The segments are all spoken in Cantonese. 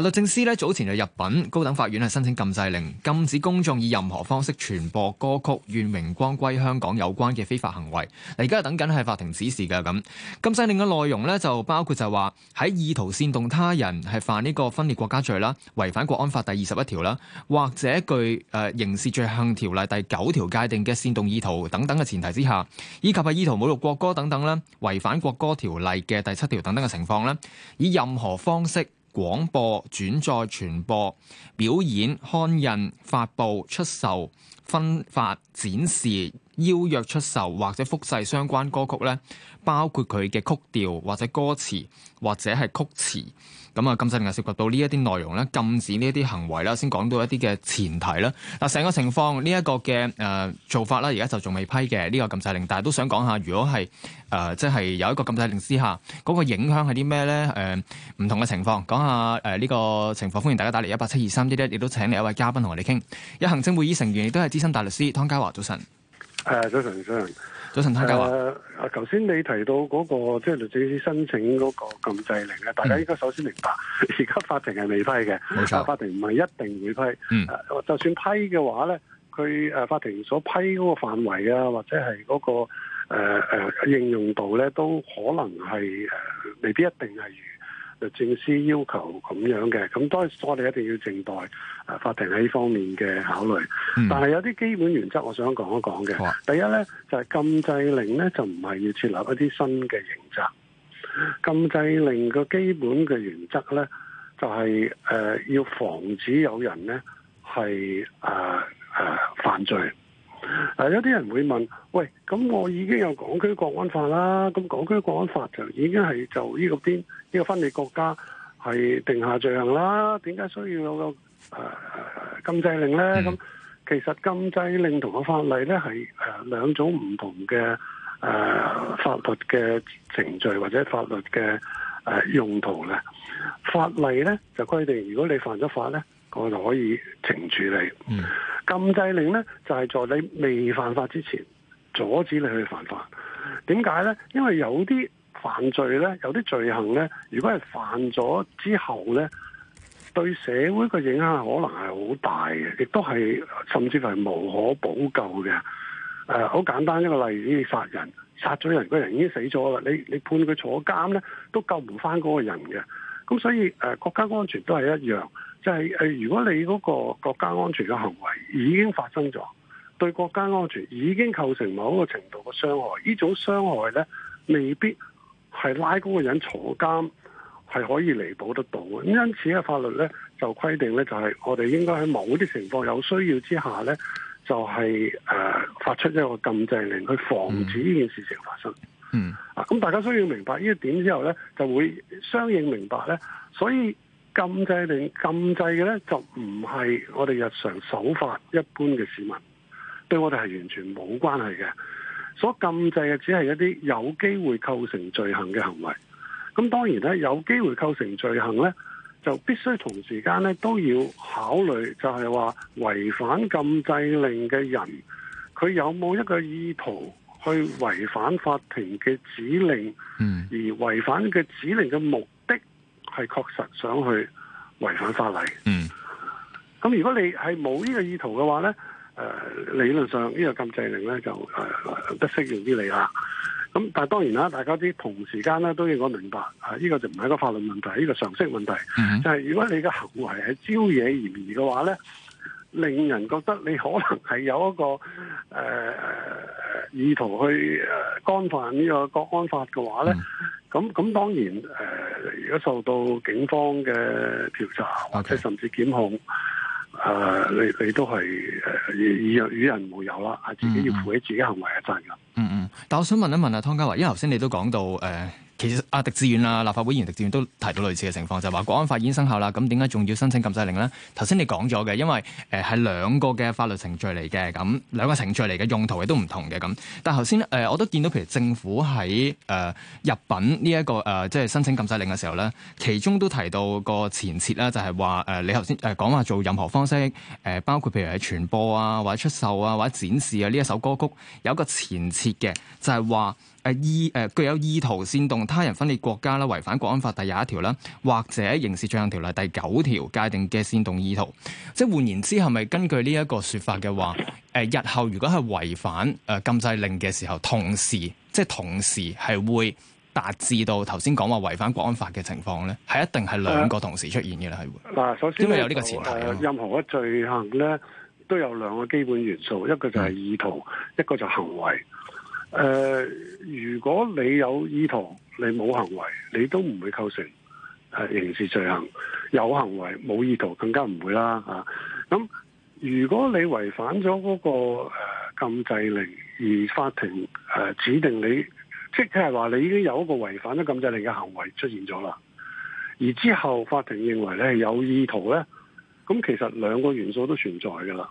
律政司咧早前就入禀高等法院，係申請禁制令，禁止公眾以任何方式傳播歌曲《願榮光歸香港》有關嘅非法行為。而家等緊係法庭指示嘅。咁禁制令嘅內容咧，就包括就話喺意圖煽動他人係犯呢個分裂國家罪啦，違反國安法第二十一條啦，或者據誒刑事罪行條例第九條界定嘅煽動意圖等等嘅前提之下，以及係意圖侮辱國歌等等啦，違反國歌條例嘅第七條等等嘅情況啦，以任何方式，廣播、轉載、傳播、表演、刊印、發布、出售、分發、展示、邀約出售或者複製相關歌曲呢，包括佢嘅曲調，或者歌詞，或者係曲詞。咁啊，禁制令啊，涉及到呢一啲內容咧，禁止呢一啲行為啦，先講到一啲嘅前提啦。嗱，成個情況呢一個嘅誒做法啦，而家就仲未批嘅呢個禁制令，但係都想講下，如果係誒即係有一個禁制令之下，嗰個影響係啲咩咧？誒、呃、唔同嘅情況，講下誒呢個情況。歡迎大家打嚟一八七二三一一，亦都請嚟一位嘉賓同我哋傾。有行政會議成員亦都係資深大律師湯家驊，早晨。誒、啊，早晨，早晨。早、呃、晨，大家。誒，頭先你提到嗰、那個即係、就是、律政司申請嗰個禁制令咧，大家應該首先明白，而家法庭係未批嘅。冇錯，法庭唔係一定會批。嗯、呃。就算批嘅話咧，佢誒法庭所批嗰個範圍啊，或者係嗰、那個誒誒、呃、應用度咧，都可能係誒、呃，未必一定係。律政司要求咁樣嘅，咁當然我哋一定要靜待誒、呃、法庭喺呢方面嘅考慮。嗯、但係有啲基本原則，我想講一講嘅。第一呢，就係、是、禁制令呢，就唔係要設立一啲新嘅刑責。禁制令個基本嘅原則呢，就係、是、誒、呃、要防止有人呢係誒誒犯罪。嗱，有啲人會問，喂，咁我已經有港區國安法啦，咁港區國安法就已經係就呢個邊呢個分裂國家係定下罪行啦，點解需要有個誒、呃、禁制令呢？咁其實禁制令同個法例呢係誒、呃、兩種唔同嘅誒、呃、法律嘅程序或者法律嘅、呃、用途咧。法例呢就規定，如果你犯咗法呢，我就可以懲處你。嗯禁制令咧，就係、是，在你未犯法之前，阻止你去犯法。點解咧？因為有啲犯罪咧，有啲罪行咧，如果係犯咗之後咧，對社會嘅影響可能係好大嘅，亦都係甚至係無可補救嘅。誒、呃，好簡單一個例子，殺人，殺咗人嗰人已經死咗啦。你你判佢坐監咧，都救唔返嗰個人嘅。咁所以誒、呃，國家安全都係一樣。就係、是、如果你嗰、那個國家安全嘅行為已經發生咗，對國家安全已經構成某一個程度嘅傷害，呢種傷害咧，未必係拉嗰個人坐監係可以彌補得到嘅。因此咧，法律咧就規定咧，就係、是、我哋應該喺某啲情況有需要之下咧，就係、是、誒、呃、發出一個禁制令，去防止呢件事情發生。嗯，嗯啊，咁大家需要明白呢一點之後咧，就會相應明白咧，所以。禁制令禁制嘅咧，就唔係我哋日常守法一般嘅市民，對我哋係完全冇關係嘅。所禁制嘅只係一啲有機會構成罪行嘅行為。咁當然咧，有機會構成罪行咧，就必須同時間咧都要考慮，就係話違反禁制令嘅人，佢有冇一個意圖去違反法庭嘅指令，而違反嘅指令嘅目。係確實想去違反法例。嗯，嗯，咁、嗯、如果你係冇呢個意圖嘅話呢，誒、呃、理論上呢、呢個禁制令呢就誒得、呃、適用於你啦。咁但係當然啦，大家啲同時間呢都應該明白，啊呢、呢個就唔係一個法律問題，呢、呢個常識問題。嗯嗯嗯，就係如果你嘅行為係招惹嫌疑嘅話呢。令人覺得你可能係有一個誒、呃、意圖去誒、呃、干犯呢個國安法嘅話咧，咁、嗯、咁當然誒、呃，如果受到警方嘅調查，okay. 或者甚至檢控，誒、呃、你你都係誒與與人無尤啦，啊自己要負起自己行為嘅責任。嗯嗯，嗯，但我想問一問啊，湯家驊，因為頭先你都講到誒。呃其實阿、啊、狄志遠啊，立法會議員狄志遠都提到類似嘅情況，就係、是、話國安法已經生效啦，咁點解仲要申請禁制令咧？頭先你講咗嘅，因為誒係、呃、兩個嘅法律程序嚟嘅，咁兩個程序嚟嘅用途亦都唔同嘅咁。但係頭先誒，我都見到譬如政府喺誒入稟呢、這、一個誒，即、呃、係、就是、申請禁制令嘅時候咧，其中都提到個前設啦、就是，就係話誒你頭先誒講話做任何方式誒、呃，包括譬如係傳播啊，或者出售啊，或者展示啊呢一首歌曲，有一個前設嘅，就係話。誒意誒具有意圖煽動他人分裂國家啦，違反《國安法》第廿一條啦，或者刑事罪行條例第九條界定嘅煽動意圖。即係換言之，係咪根據呢一個説法嘅話，誒日後如果係違反誒禁制令嘅時候，同時即係同時係會達至到頭先講話違反《國安法》嘅情況咧，係一定係兩個同時出現嘅啦，係會。嗱，首先有呢個前提。任何嘅罪行咧都有兩個基本元素，嗯、一個就係意圖，一個就行為。誒、呃，如果你有意圖，你冇行為，你都唔會構成、呃、刑事罪行。有行為冇意圖，更加唔會啦。吓、啊，咁如果你違反咗嗰、那個誒、呃、禁制令，而法庭誒、呃、指定你，即係話你已經有一個違反咗禁制令嘅行為出現咗啦。而之後法庭認為你係有意圖呢，咁其實兩個元素都存在噶啦。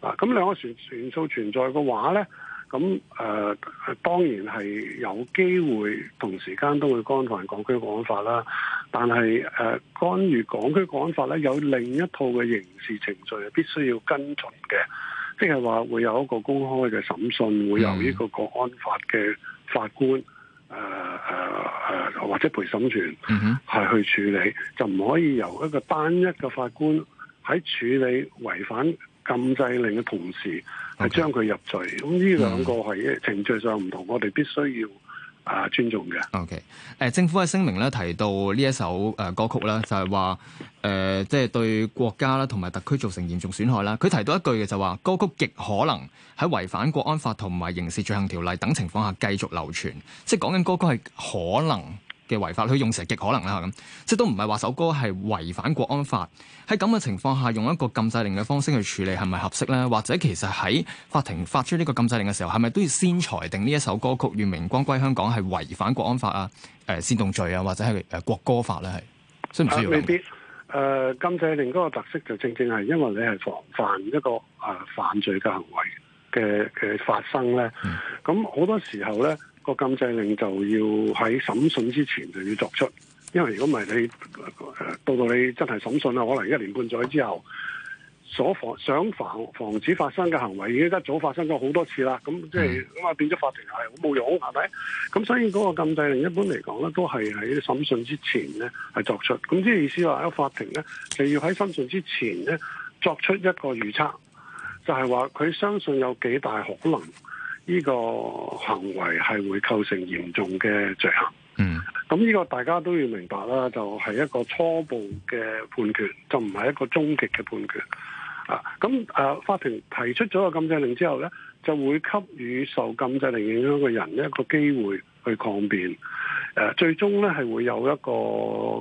咁、啊、兩個元素存在嘅話呢。咁、嗯、誒、呃、當然係有機會同時間都會干犯港區國安法啦，但係誒，干預港區國安法咧，有另一套嘅刑事程序係必須要跟進嘅。即係話會有一個公開嘅審訊，會由呢個國安法嘅法官誒誒誒或者陪審團係去處理，就唔可以由一個單一嘅法官喺處理違反禁制令嘅同時。係將佢入罪，咁呢兩個係程序上唔同，mm. 我哋必須要啊尊重嘅。O K，誒政府嘅聲明咧提到呢一首誒歌曲咧，就係話誒，即、呃、係、就係、對國家啦同埋特區造成嚴重損害啦。佢提到一句嘅就話，歌曲極可能喺違反國安法同埋刑事罪行條例等情況下繼續流傳，即係講緊歌曲係可能。嘅違法，佢用成極可能啦咁，即係都唔係話首歌係違反國安法。喺咁嘅情況下，用一個禁制令嘅方式去處理，係咪合適咧？或者其實喺法庭發出呢個禁制令嘅時候，係咪都要先裁定呢一首歌曲《願明光歸香港》係違反國安法啊？誒、呃、煽動罪啊，或者係誒、呃、國歌法咧？係需唔需要未必誒、呃、禁制令嗰個特色就正正係因為你係防範一個誒犯罪嘅行為嘅嘅發生咧。咁、嗯、好多時候咧。個禁制令就要喺審訊之前就要作出。因為如果唔係你到到你真係審訊啦，可能一年半載之後，所防想防防止發生嘅行為已經一早發生咗好多次啦，咁即係咁啊變咗法庭係好冇用，係咪？咁所以嗰個禁制令一般嚟講咧，都係喺審訊之前咧係作出，咁即係意思話喺法庭咧就要喺審訊之前咧作出一個預測，就係話佢相信有幾大可能。呢、這個行為係會構成嚴重嘅罪行。嗯。咁、這、呢個大家都要明白啦，就係、是、一個初步嘅判決，就唔係一個終極嘅判決。啊，咁、啊、誒，法庭提出咗個禁制令之後呢，就會給予受禁制令影響嘅人一個機會去抗辯。誒、啊，最終呢，係會有一個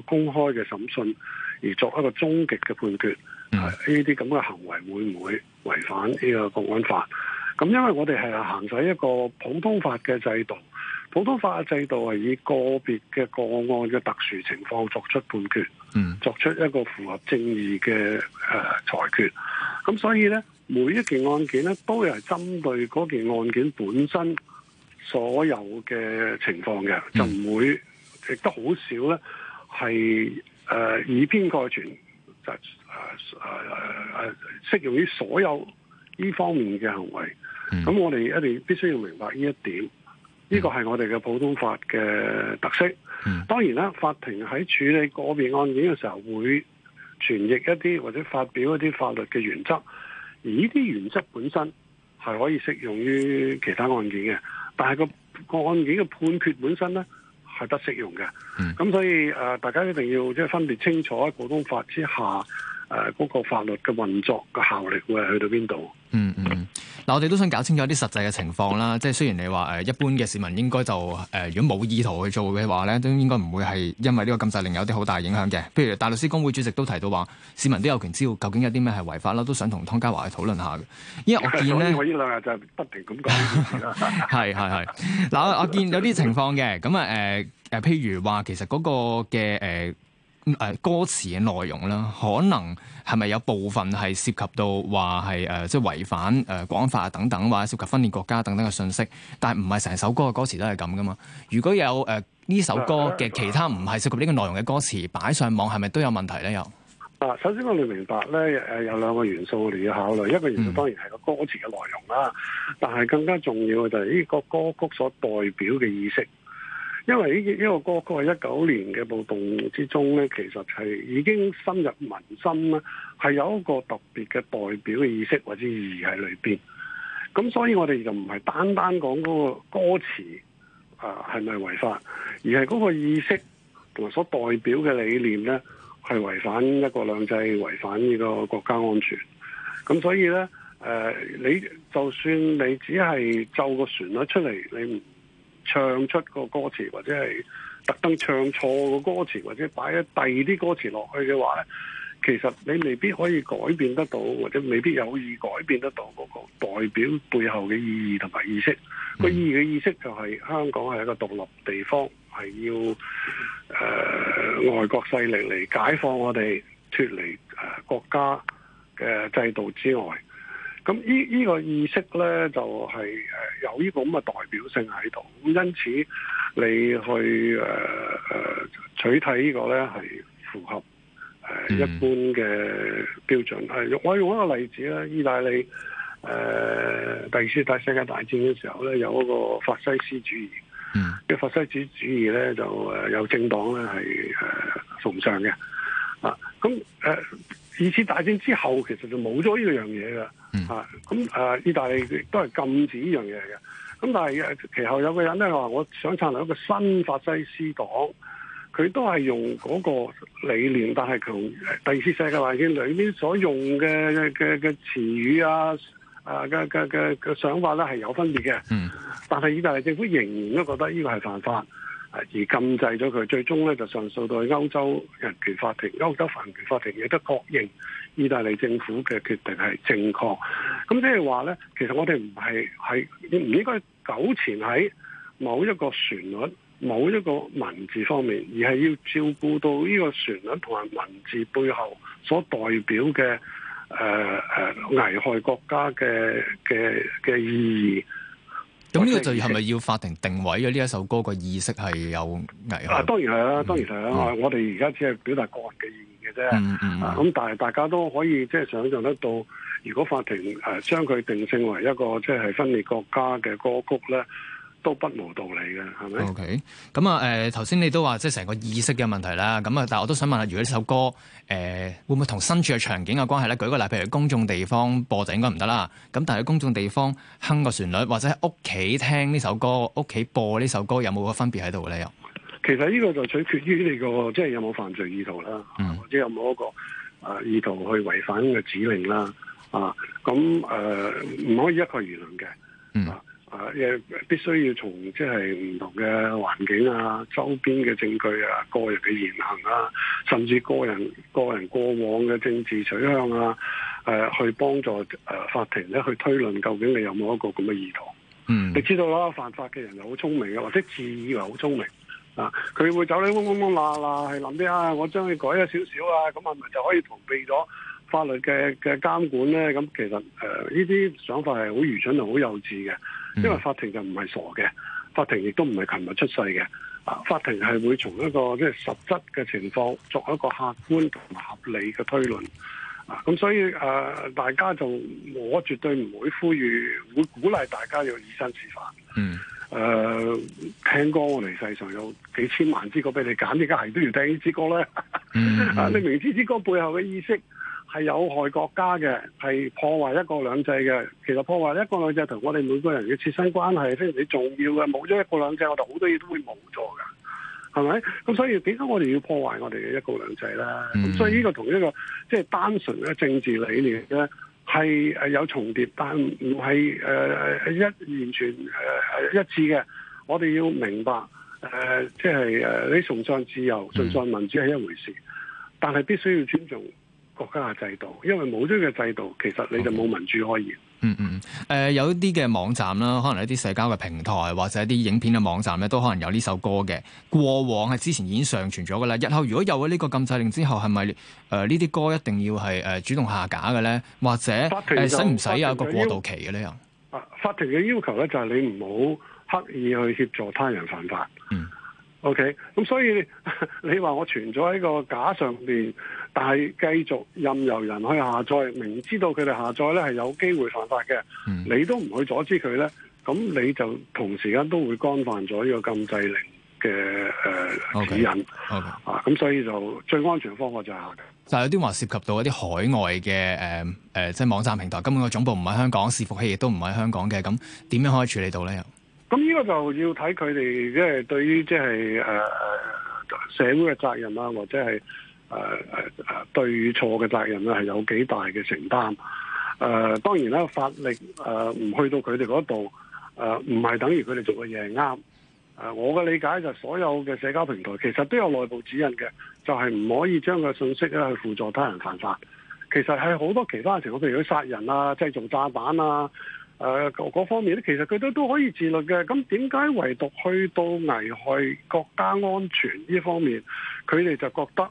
公開嘅審訊，而作一個終極嘅判決。呢啲咁嘅行為會唔會違反呢個國安法？咁因為我哋係行使一個普通法嘅制度，普通法嘅制度係以個別嘅個案嘅特殊情況作出判決，嗯，作出一個符合正義嘅誒、呃、裁決。咁所以呢，每一件案件呢，都係針對嗰件案件本身所有嘅情況嘅，就唔會亦都好少呢係誒以偏概全，就、啊、誒、啊啊啊、適用於所有呢方面嘅行為。咁、嗯、我哋一定必須要明白呢一點，呢個係我哋嘅普通法嘅特色。嗯、當然啦，法庭喺處理個別案件嘅時候，會傳譯一啲或者發表一啲法律嘅原則，而呢啲原則本身係可以適用於其他案件嘅。但係個個案件嘅判決本身呢係不適用嘅。咁、嗯、所以誒，大家一定要即係分別清楚喺普通法之下嗰個法律嘅運作嘅效力會係去到邊度？嗯嗯。嗱，我哋都想搞清楚啲實際嘅情況啦。即係雖然你話一般嘅市民應該就、呃、如果冇意圖去做嘅話咧，都應該唔會係因為呢個禁制令有啲好大影響嘅。譬如大律師公會主席都提到話，市民都有權知道究竟有啲咩係違法啦，都想同湯家驊去討論下嘅。因為我見呢我呢兩日就不停咁講。係係係。嗱， 我見有啲情況嘅。咁啊、呃、譬如話其實嗰個嘅誒歌詞嘅內容啦，可能係咪有部分係涉及到話係誒即係違反誒國安法等等，或者涉及分裂國家等等嘅信息？但係唔係成首歌嘅歌詞都係咁噶嘛？如果有誒呢、呃、首歌嘅其他唔係涉及呢個內容嘅歌詞擺上網，係咪都有問題咧？有啊，首先我哋明白咧誒有兩個元素我哋要考慮，一個元素當然係個歌詞嘅內容啦，嗯、但係更加重要嘅就係呢個歌曲所代表嘅意識。因為呢個歌曲喺一九年嘅暴動之中咧，其實係已經深入民心啦，係有一個特別嘅代表意識或者意義喺裏邊。咁所以我哋就唔係單單講嗰個歌詞啊係咪違法，而係嗰個意識同埋所代表嘅理念咧係違反一國兩制、違反呢個國家安全。咁所以咧，誒、呃、你就算你只係奏個旋律出嚟，你唔～唱出個歌詞或者係特登唱錯個歌詞或者擺一第二啲歌詞落去嘅話咧，其實你未必可以改變得到，或者未必有意改變得到嗰個代表背後嘅意義同埋意識。個意義嘅意識就係、是、香港係一個獨立地方，係要誒、呃、外國勢力，嚟解放我哋，脫離誒國家嘅制度之外。咁呢依個意識咧，就係、是、誒有呢個咁嘅代表性喺度。咁因此，你去誒誒、呃、取締呢個咧，係符合誒、呃、一般嘅標準。誒，我用一個例子啦，意大利誒、呃、第二次大世界大戰嘅時候咧，有嗰個法西斯主義。嗯，嘅法西斯主義咧就誒有政黨咧係誒奉上嘅。啊，咁誒。呃二次大戰之後，其實就冇咗呢樣嘢啦，啊，咁啊，意大利都係禁止呢樣嘢嘅。咁但係其後有個人咧話，我想成立一個新法西斯黨，佢都係用嗰個理念，但係同第二次世界大戰裏邊所用嘅嘅嘅詞語啊啊嘅嘅嘅嘅想法咧係有分別嘅。嗯，但係意大利政府仍然都覺得呢個係犯法。而禁制咗佢，最終咧就上訴到歐洲人權法庭、歐洲犯權法庭，亦都確認意大利政府嘅決定係正確。咁即係話咧，其實我哋唔係，係唔應該糾纏喺某一個旋律、某一個文字方面，而係要照顧到呢個旋律同埋文字背後所代表嘅誒誒危害國家嘅嘅嘅意義。咁呢個就係咪要法庭定位咗呢一首歌個意識係有危害？啊，當然係啦，當然係啦、嗯。我哋而家只係表達個人嘅意見嘅啫。嗯嗯。咁、啊、但係大家都可以即係、就是、想象得到，如果法庭誒將佢定性為一個即係、就是、分裂國家嘅歌曲咧。都不無道理嘅，係咪？OK，咁、嗯、啊，誒頭先你都話即係成個意識嘅問題啦，咁啊，但我都想問下，如果呢首歌誒、呃、會唔會同身處嘅場景嘅關係咧？舉個例，譬如公眾地方播就應該唔得啦。咁但係喺公眾地方哼個旋律，或者喺屋企聽呢首歌，屋企播呢首歌有冇個分別喺度嘅咧？又其實呢個就取決於你、這個即係、就是、有冇犯罪意圖啦、嗯，或者有冇一個誒意圖去違反呢個指令啦。啊，咁誒唔可以一概而論嘅。嗯。.啊！必須要從即係唔同嘅環境啊、周邊嘅證據啊、個人嘅言行啊甚至個人、個人過往嘅政治取向啊，啊去幫助、呃、法庭咧去推論究竟你有冇一個咁嘅意圖。嗯，你知道啦，犯法嘅人又好聰明或者自以為好聰明啊，佢會走你嗡嗡嗡啦啦，係諗啲啊，我將佢改咗少少啊，咁係咪就可以逃避咗法律嘅嘅監管咧？咁其實呃、呢啲想法係好愚蠢同好幼稚嘅。因為法庭就唔係傻嘅，法庭亦都唔係琴日出世嘅，啊法庭係會從一個即係實質嘅情況作一個客觀同合理嘅推論，啊咁所以誒、呃、大家就我絕對唔會呼籲，會鼓勵大家要以身試法。嗯。誒、呃、聽歌我哋世上有幾千萬支歌俾你揀，點解係都要聽呢支歌咧？啊、 嗯，嗯、 你明知支歌背後嘅意識。係有害國家嘅，係破壞一國兩制嘅。其實破壞一國兩制同我哋每個人嘅切身關係非常之重要嘅。冇咗一國兩制，我哋好多嘢都會冇咗嘅。係咪？咁所以點解我哋要破壞我哋嘅一國兩制咧？嗯、咁所以呢個同一個即係、就是、單純嘅政治理念咧，係有重疊，但唔係誒一完全誒、呃、一致嘅。我哋要明白誒，即係誒，你崇尚自由、崇尚民主係一回事，嗯、但係必須要尊重。國家嘅制度，因為冇咗個制度，其實你就冇民主可言。嗯嗯嗯，誒、呃、有啲嘅網站啦，可能一啲社交嘅平台，或者一啲影片嘅網站咧，都可能有呢首歌嘅。過往係之前已經上傳咗㗎啦。日後如果有咗呢個禁制令之後，係咪誒呢啲歌一定要係誒主動下架嘅咧？或者誒使唔使有一個過渡期嘅呢？又法庭嘅要求咧就係你唔好刻意去協助他人犯法。嗯。O K，咁所以你話我傳咗喺個架上邊？但係繼續任由人去下載，明知道佢哋下載咧係有機會犯法嘅，嗯，你都唔去阻止佢咧，咁你就同時間都會干犯咗呢個禁制令嘅誒指引。好嘅，啊，咁所以就最安全的方法就係下載。但係有啲話涉及到一啲海外嘅誒誒，即係網站平台，根本個總部唔喺香港，伺服器亦都唔喺香港嘅，咁點樣可以處理到咧？咁呢個就要睇佢哋，即係對於即係誒社會嘅責任啊，或者係。誒誒誒對錯嘅責任咧係有幾大嘅承擔，誒、呃呃呃呃呃、當然啦，法力誒唔、呃、去到佢哋嗰度，誒唔係等於佢哋做嘅嘢係啱。誒、呃、我嘅理解就所有嘅社交平台其實都有內部指引嘅，就係、是、唔可以將個信息咧去輔助他人犯法。其實係好多其他情況，譬如佢殺人啊、製造炸彈啊、誒、呃、各方面咧，其實佢都都可以自律嘅。咁點解唯獨去到危害國家安全呢方面，佢哋就覺得？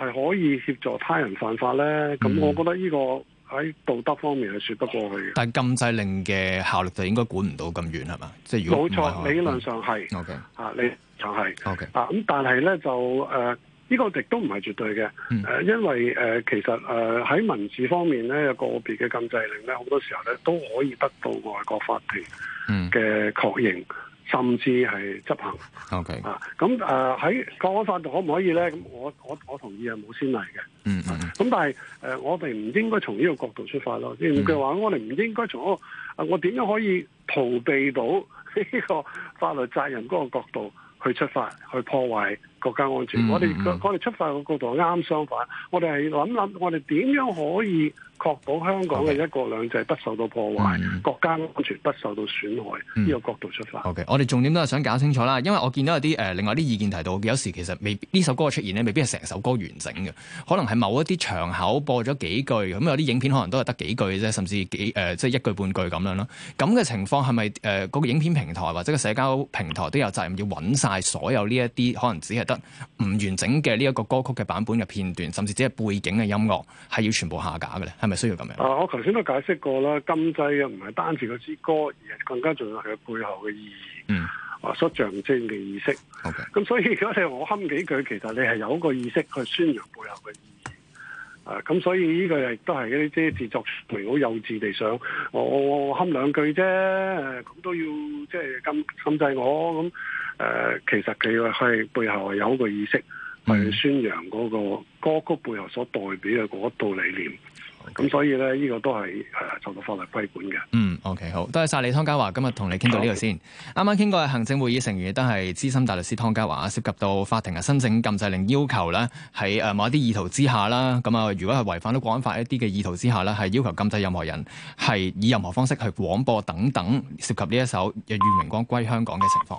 係可以協助他人犯法咧，咁、嗯、我覺得呢個喺道德方面係說不過去。但禁制令嘅效力就應該管唔到咁遠係嘛？即係冇錯，理論上係。OK，啊，你就係 OK，啊，咁但係咧就誒，呢、呃這個亦都唔係絕對嘅、嗯。因為誒、呃、其實誒喺、呃、文字方面咧，有個別嘅禁制令咧，好多時候咧都可以得到外國法庭嘅確認。嗯甚至係執行，OK 啊，咁誒喺國安法度可唔可以咧？咁我我我同意係冇先例嘅，嗯、Mm-hmm. 咁啊、但係、呃、我哋唔應該從呢個角度出發咯，即係話我哋唔應該從我我點樣可以逃避到呢個法律責任嗰個角度去出發，去破壞國家安全。Mm-hmm. 我哋我哋出發嘅角度啱相反，我哋係諗諗我哋點樣可以，確保香港嘅一國兩制不受到破壞，國家安全不受到損害呢、嗯呢個角度出發。OK，我哋重點都係想搞清楚啦，因為我見到有啲誒、呃、另外啲意見提到，有時其實未呢首歌出現咧，未必係成首歌完整嘅，可能係某一啲場口播咗幾句，咁、嗯、有啲影片可能都係得幾句啫，甚至幾誒即係一句半句咁樣咯。咁嘅情況係咪誒嗰個影片平台或者個社交平台都有責任要揾晒所有呢一啲可能只係得唔完整嘅呢一個歌曲嘅版本嘅片段，甚至只係背景嘅音樂係要全部下架嘅咧？咪需要咁樣？啊，我頭先都解釋過啦，禁制嘅唔係單止嗰支歌，而係更加重要係佢背後嘅意義，嗯、啊，所象徵嘅意識。咁、okay. 所以，如果你我哼幾句，其實你係有一個意識去宣揚背後嘅意義。啊，咁所以呢個亦都係一啲即係自作美好幼稚地想，哦、我哼兩句啫，咁都要即係禁禁制我咁。誒、呃，其實佢係背後係有一個意識，去宣揚嗰個歌曲背後所代表嘅嗰套理念。咁所以咧，呢、這個都係誒，做、啊、到法律規管嘅。嗯，OK，好，多謝晒你，湯家驊，今日同你傾到呢度先。啱啱傾過嘅行政會議成員亦都係資深大律師湯家驊啊，涉及到法庭啊申請禁制令要求咧，喺某一啲意圖之下啦，咁啊，如果係違反到《國安法》一啲嘅意圖之下咧，係要求禁制任何人係以任何方式去廣播等等，涉及呢一首《願榮光歸香港》嘅情況。